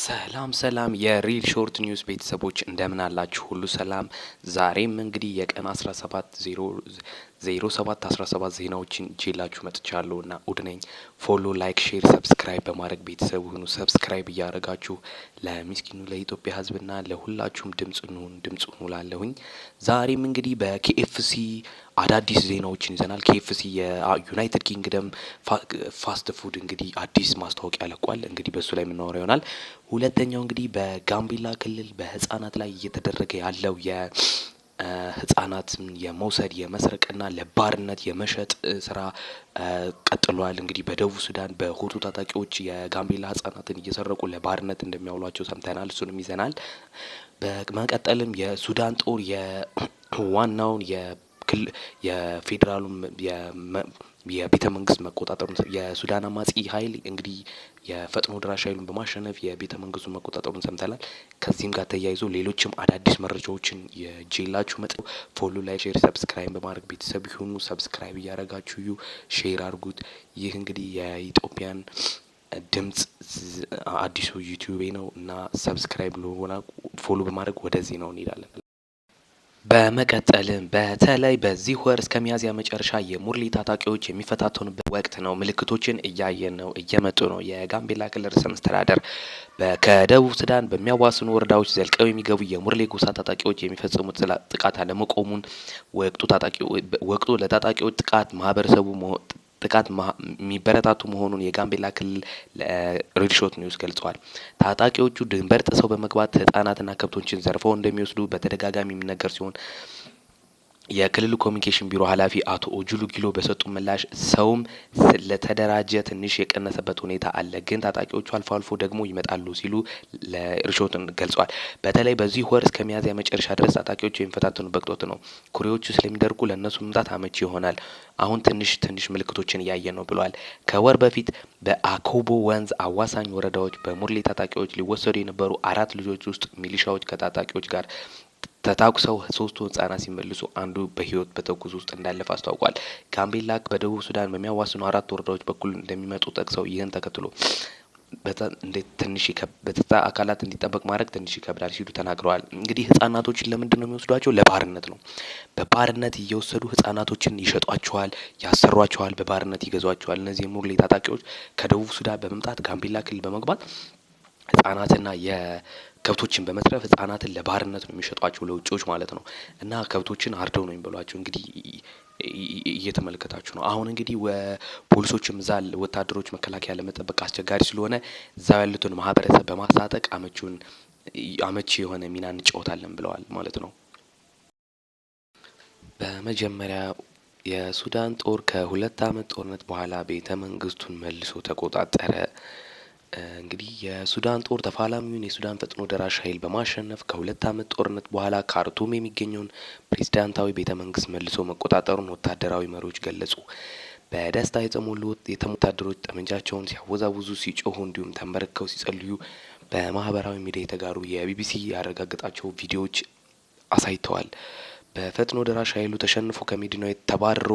ሰላም ሰላም የሪል ሾርት ኒውስ ቤተሰቦች እንደምን አላችሁ? ሁሉ ሰላም። ዛሬም እንግዲህ የቀን 17 0717 ዜናዎችን ይዤላችሁ መጥቻለሁ እና እሁድ ነኝ። ፎሎ፣ ላይክ፣ ሼር፣ ሰብስክራይብ በማድረግ ቤተሰብ ሁኑ። ሰብስክራይብ እያደረጋችሁ ለሚስኪኑ ለኢትዮጵያ ሕዝብና ለሁላችሁም ድምጽ ሁኑ ድምጽ ሁኑ ላለሁኝ ዛሬም እንግዲህ በኬኤፍሲ አዳዲስ ዜናዎችን ይዘናል። ኬኤፍሲ የዩናይትድ ኪንግደም ፋስት ፉድ እንግዲህ አዲስ ማስታወቂያ ለቋል። እንግዲህ በእሱ ላይ የምናወራ ይሆናል። ሁለተኛው እንግዲህ በጋምቤላ ክልል በህጻናት ላይ እየተደረገ ያለው ህጻናትን የመውሰድ የመስረቅና ለባርነት የመሸጥ ስራ ቀጥሏል። እንግዲህ በደቡብ ሱዳን በሁቱ ታጣቂዎች የጋምቤላ ህጻናትን እየሰረቁ ለባርነት እንደሚያውሏቸው ሰምተናል። እሱንም ይዘናል። በመቀጠልም የሱዳን ጦር የዋናውን የፌዴራሉን የቤተ መንግስት መቆጣጠሩን የሱዳን አማጺ ኃይል እንግዲህ የፈጥኖ ድራሽ ኃይሉን በማሸነፍ የቤተ መንግስቱን መቆጣጠሩን ሰምተናል። ከዚህም ጋር ተያይዞ ሌሎችም አዳዲስ መረጃዎችን የጄላችሁ መጥ ፎሎ ላይ ሼር፣ ሰብስክራይብ በማድረግ ቤተሰብ ይሁኑ። ሰብስክራይብ እያረጋችሁ ሼር አድርጉት። ይህ እንግዲህ የኢትዮጵያን ድምጽ አዲሱ ዩቲዩቤ ነው እና ሰብስክራይብ ለሆና ፎሎ በማድረግ ወደ ዜናው እንሄዳለን። በመቀጠልም በተለይ በዚህ ወር እስከ ሚያዝያ መጨረሻ የሙርሊ ታጣቂዎች የሚፈታተኑበት ወቅት ነው። ምልክቶችን እያየን ነው፣ እየመጡ ነው። የጋምቤላ ክልል ርዕሰ መስተዳደር ከደቡብ ሱዳን በሚያዋስኑ ወረዳዎች ዘልቀው የሚገቡ የሙርሌ ጎሳ ታጣቂዎች የሚፈጽሙት ጥቃት አለመቆሙን ወቅቱ ለታጣቂዎች ጥቃት ማህበረሰቡ ጥቃት የሚበረታቱ መሆኑን የጋምቤላ ክልል ሬድሾት ኒውስ ገልጸዋል። ታጣቂዎቹ ድንበር ጥሰው በመግባት ህጻናትና ከብቶችን ዘርፈው እንደሚወስዱ በተደጋጋሚ የሚነገር ሲሆን የክልሉ ኮሚኒኬሽን ቢሮ ኃላፊ አቶ ኦጁሉ ጊሎ በሰጡ ምላሽ ሰውም ስለተደራጀ ትንሽ የቀነሰበት ሁኔታ አለ፣ ግን ታጣቂዎቹ አልፎ አልፎ ደግሞ ይመጣሉ ሲሉ ለርሾትን ገልጿል። በተለይ በዚህ ወር እስከ ሚያዝያ መጨረሻ ድረስ ታጣቂዎቹ የሚፈታተኑበት ወቅት ነው። ኩሬዎቹ ስለሚደርጉ ለእነሱ መምጣት አመቺ ይሆናል። አሁን ትንሽ ትንሽ ምልክቶችን እያየ ነው ብለዋል። ከወር በፊት በአኮቦ ወንዝ አዋሳኝ ወረዳዎች በሙርሌ ታጣቂዎች ሊወሰዱ የነበሩ አራት ልጆች ውስጥ ሚሊሻዎች ከታጣቂዎች ጋር ተታኩሰው ሶስቱ ህጻናት ሲመልሱ አንዱ በህይወት በተኩስ ውስጥ እንዳለፈ አስታውቋል። ጋምቤላ በደቡብ ሱዳን በሚያዋስኑ አራት ወረዳዎች በኩል እንደሚመጡ ጠቅሰው ይህን ተከትሎ በጸጥታ አካላት እንዲጠበቅ ማድረግ ትንሽ ይከብዳል ሲሉ ተናግረዋል። እንግዲህ ህጻናቶችን ለምንድን ነው የሚወስዷቸው? ለባርነት ነው። በባርነት እየወሰዱ ህጻናቶችን ይሸጧቸዋል፣ ያሰሯቸዋል፣ በባርነት ይገዟቸዋል። እነዚህ የሙርሌ ታጣቂዎች ከደቡብ ሱዳን በመምጣት ጋምቤላ ክልል በመግባት ህጻናትና ከብቶችን በመትረፍ ህጻናትን ለባርነት ነው የሚሸጧቸው ለውጭዎች ማለት ነው። እና ከብቶችን አርደው ነው የሚበሏቸው። እንግዲህ እየተመለከታችሁ ነው። አሁን እንግዲህ ፖሊሶችም እዛ ወታደሮች መከላከያ ለመጠበቅ አስቸጋሪ ስለሆነ እዛ ያሉትን ማህበረሰብ በማሳጠቅ አመቺውን አመቺ የሆነ ሚና እንጫወታለን ብለዋል ማለት ነው። በመጀመሪያ የሱዳን ጦር ከሁለት አመት ጦርነት በኋላ ቤተ መንግስቱን መልሶ ተቆጣጠረ። እንግዲህ የሱዳን ጦር ተፋላሚውን የሱዳን ፈጥኖ ደራሽ ኃይል በማሸነፍ ከሁለት ዓመት ጦርነት በኋላ ካርቱም የሚገኘውን ፕሬዝዳንታዊ ቤተ መንግስት መልሶ መቆጣጠሩን ወታደራዊ መሪዎች ገለጹ። በደስታ የተሞሉ ወታደሮች ጠመንጃቸውን ሲያወዛውዙ፣ ሲጮሁ እንዲሁም ተንበረከው ሲጸልዩ በማህበራዊ ሚዲያ የተጋሩ የቢቢሲ ያረጋገጣቸው ቪዲዮዎች አሳይተዋል። በፈጥኖ ደራሽ ኃይሉ ተሸንፎ ከመዲናዋ ተባርሮ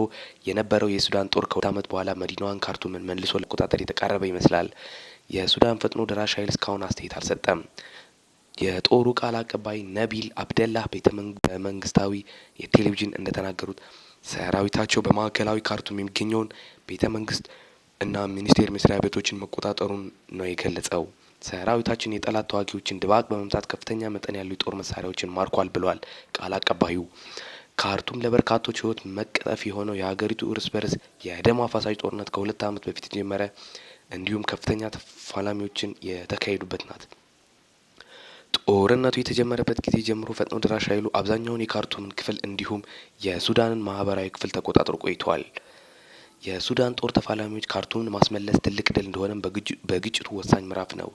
የነበረው የሱዳን ጦር ከሁለት ዓመት በኋላ መዲናዋን ካርቱምን መልሶ ለመቆጣጠር የተቃረበ ይመስላል። የሱዳን ፈጥኖ ደራሽ ኃይል እስካሁን አስተያየት አልሰጠም። የጦሩ ቃል አቀባይ ነቢል አብደላህ በመንግስታዊ የቴሌቪዥን እንደተናገሩት ሰራዊታቸው በማዕከላዊ ካርቱም የሚገኘውን ቤተ መንግስት እና ሚኒስቴር መስሪያ ቤቶችን መቆጣጠሩን ነው የገለጸው። ሰራዊታችን የጠላት ተዋጊዎችን ድባቅ በመምታት ከፍተኛ መጠን ያሉ የጦር መሳሪያዎችን ማርኳል ብሏል ቃል አቀባዩ። ካርቱም ለበርካቶች ህይወት መቀጠፍ የሆነው የሀገሪቱ እርስ በርስ የደም አፋሳጅ ጦርነት ከሁለት ዓመት በፊት ጀመረ እንዲሁም ከፍተኛ ተፋላሚዎችን የተካሄዱበት ናት። ጦርነቱ የተጀመረበት ጊዜ ጀምሮ ፈጥኖ ደራሽ ኃይሉ አብዛኛውን የካርቱምን ክፍል እንዲሁም የሱዳንን ማህበራዊ ክፍል ተቆጣጥሮ ቆይተዋል። የሱዳን ጦር ተፋላሚዎች ካርቱምን ማስመለስ ትልቅ ድል እንደሆነም በግጭቱ ወሳኝ ምዕራፍ ነው።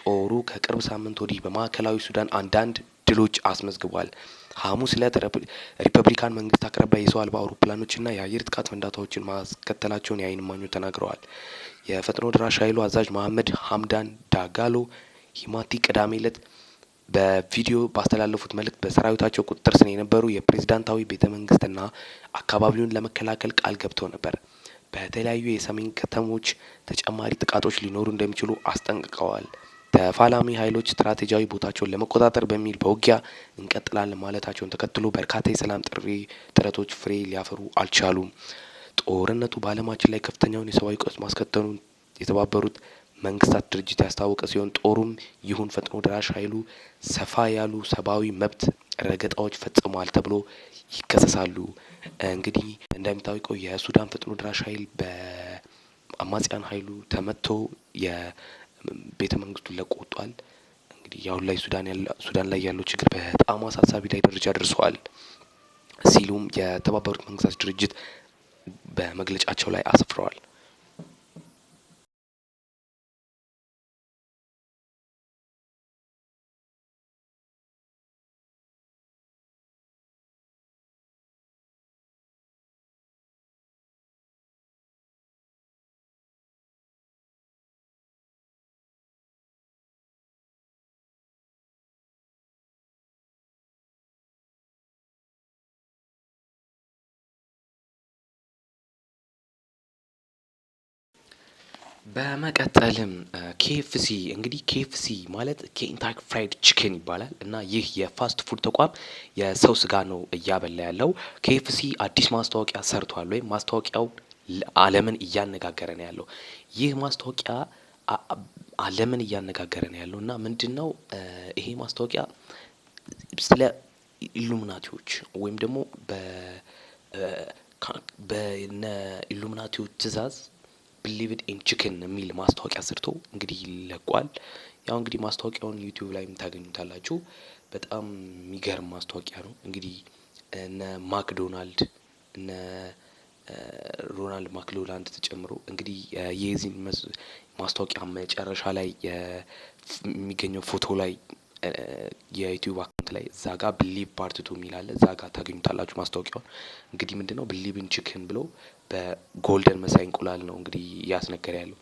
ጦሩ ከቅርብ ሳምንት ወዲህ በማዕከላዊ ሱዳን አንዳንድ ድሎች አስመዝግቧል። ሐሙስ ዕለት ሪፐብሊካን መንግስት አቅራቢያ የሰው አልባ አውሮፕላኖችና የአየር ጥቃት ፍንዳታዎችን ማስከተላቸውን የአይን እማኞች ተናግረዋል። የፈጥኖ ድራሽ ኃይሉ አዛዥ መሐመድ ሐምዳን ዳጋሎ ሂማቲ ቅዳሜ ዕለት በቪዲዮ ባስተላለፉት መልእክት በሰራዊታቸው ቁጥጥር ስር የነበሩ የፕሬዝዳንታዊ ቤተ መንግስትና አካባቢውን ለመከላከል ቃል ገብተው ነበር። በተለያዩ የሰሜን ከተሞች ተጨማሪ ጥቃቶች ሊኖሩ እንደሚችሉ አስጠንቅቀዋል። ተፋላሚ ኃይሎች ስትራቴጂያዊ ቦታቸውን ለመቆጣጠር በሚል በውጊያ እንቀጥላለን ማለታቸውን ተከትሎ በርካታ የሰላም ጥሪ ጥረቶች ፍሬ ሊያፈሩ አልቻሉም። ጦርነቱ በዓለማችን ላይ ከፍተኛውን የሰብአዊ ቀውስ ማስከተሉን የተባበሩት መንግስታት ድርጅት ያስታወቀ ሲሆን ጦሩም ይሁን ፈጥኖ ደራሽ ኃይሉ ሰፋ ያሉ ሰብአዊ መብት ረገጣዎች ፈጽሟል ተብሎ ይከሰሳሉ። እንግዲህ እንደሚታወቀው የሱዳን ፈጥኖ ደራሽ ኃይል በአማጽያን ኃይሉ ተመቶ የ ቤተ መንግስቱን ለቆ ወጥቷል። እንግዲህ ያሁን ላይ ሱዳን ላይ ያለው ችግር በጣም አሳሳቢ ላይ ደረጃ ደርሰዋል ሲሉም የተባበሩት መንግስታት ድርጅት በመግለጫቸው ላይ አስፍረዋል። በመቀጠልም ኬኤፍሲ እንግዲህ ኬኤፍሲ ማለት ኬንታክ ፍራይድ ቺክን ይባላል እና ይህ የፋስት ፉድ ተቋም የሰው ስጋ ነው እያበላ ያለው። ኬኤፍሲ አዲስ ማስታወቂያ ሰርቷል፣ ወይም ማስታወቂያው ዓለምን እያነጋገረ ነው ያለው። ይህ ማስታወቂያ ዓለምን እያነጋገረ ነው ያለው እና ምንድን ነው ይሄ ማስታወቂያ ስለ ኢሉሚናቲዎች ወይም ደግሞ በነ ኢሉሚናቲዎች ትእዛዝ ብሊቭድ ኢን ችክን የሚል ማስታወቂያ ሰርቶ እንግዲህ ይለቋል። ያው እንግዲህ ማስታወቂያውን ዩቲዩብ ላይም ታገኙታላችሁ። በጣም የሚገርም ማስታወቂያ ነው። እንግዲህ እነ ማክዶናልድ እነ ሮናልድ ማክዶናልድ ተጨምሮ እንግዲህ የዚህ ማስታወቂያ መጨረሻ ላይ የሚገኘው ፎቶ ላይ የዩቲዩብ አካውንት ላይ እዛ ጋር ብሊቭ ቱ የሚላለ እዛ ታገኙታላችሁ። ማስታወቂያውን እንግዲህ ምንድን ነው ብሊቭን ችክን ብሎ በጎልደን መሳይ እንቁላል ነው እንግዲህ እያስነገረ ያለው።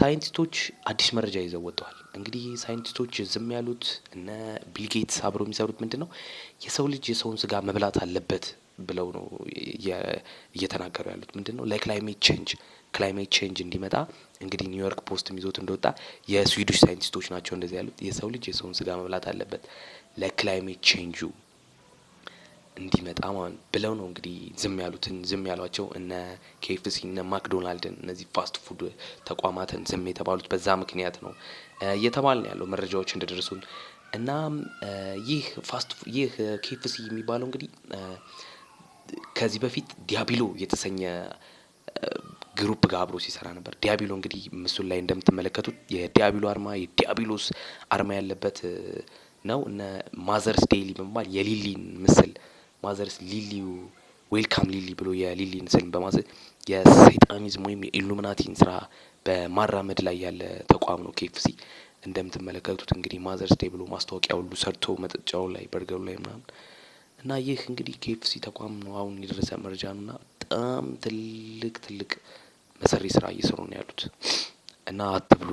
ሳይንቲስቶች አዲስ መረጃ ይዘው ወጥተዋል። እንግዲህ ሳይንቲስቶች ዝም ያሉት እነ ቢልጌትስ አብረው የሚሰሩት ምንድን ነው የሰው ልጅ የሰውን ስጋ መብላት አለበት ብለው ነው እየተናገሩ ያሉት። ምንድን ነው ለክላይሜት ቼንጅ ክላይሜት ቼንጅ እንዲመጣ እንግዲህ ኒውዮርክ ፖስት ይዞት እንደወጣ የስዊድሽ ሳይንቲስቶች ናቸው እንደዚህ ያሉት የሰው ልጅ የሰውን ስጋ መብላት አለበት ለክላይሜት ቼንጁ እንዲመጣ ማለት ብለው ነው እንግዲህ ዝም ያሉትን ዝም ያሏቸው እነ ኬፍሲ እነ ማክዶናልድን እነዚህ ፋስት ፉድ ተቋማትን ዝም የተባሉት በዛ ምክንያት ነው እየተባልን ያለው መረጃዎች እንደደረሱን እና ይህ ፋስት ይህ ኬፍሲ የሚባለው እንግዲህ ከዚህ በፊት ዲያቢሎ የተሰኘ ግሩፕ ጋር አብሮ ሲሰራ ነበር። ዲያቢሎ እንግዲህ ምስሉ ላይ እንደምትመለከቱት የዲያቢሎ አርማ የዲያቢሎስ አርማ ያለበት ነው። እነ ማዘርስ ዴይሊ በመባል የሊሊን ምስል ማዘርስ ሊሊ ዌልካም ሊሊ ብሎ የሊሊን ምስል በማዘ የሰይጣኒዝም ወይም የኢሉሚናቲን ስራ በማራመድ ላይ ያለ ተቋም ነው ኬኤፍሲ። እንደምትመለከቱት እንግዲህ ማዘርስ ዴይ ብሎ ማስታወቂያ ሁሉ ሰርቶ መጠጫው ላይ በርገሩ ላይ ምናምን እና ይህ እንግዲህ ኬፍሲ ተቋም ነው። አሁን የደረሰ መረጃ ነውና በጣም ትልቅ ትልቅ መሰሪ ስራ እየሰሩ ነው ያሉት እና አትብሉ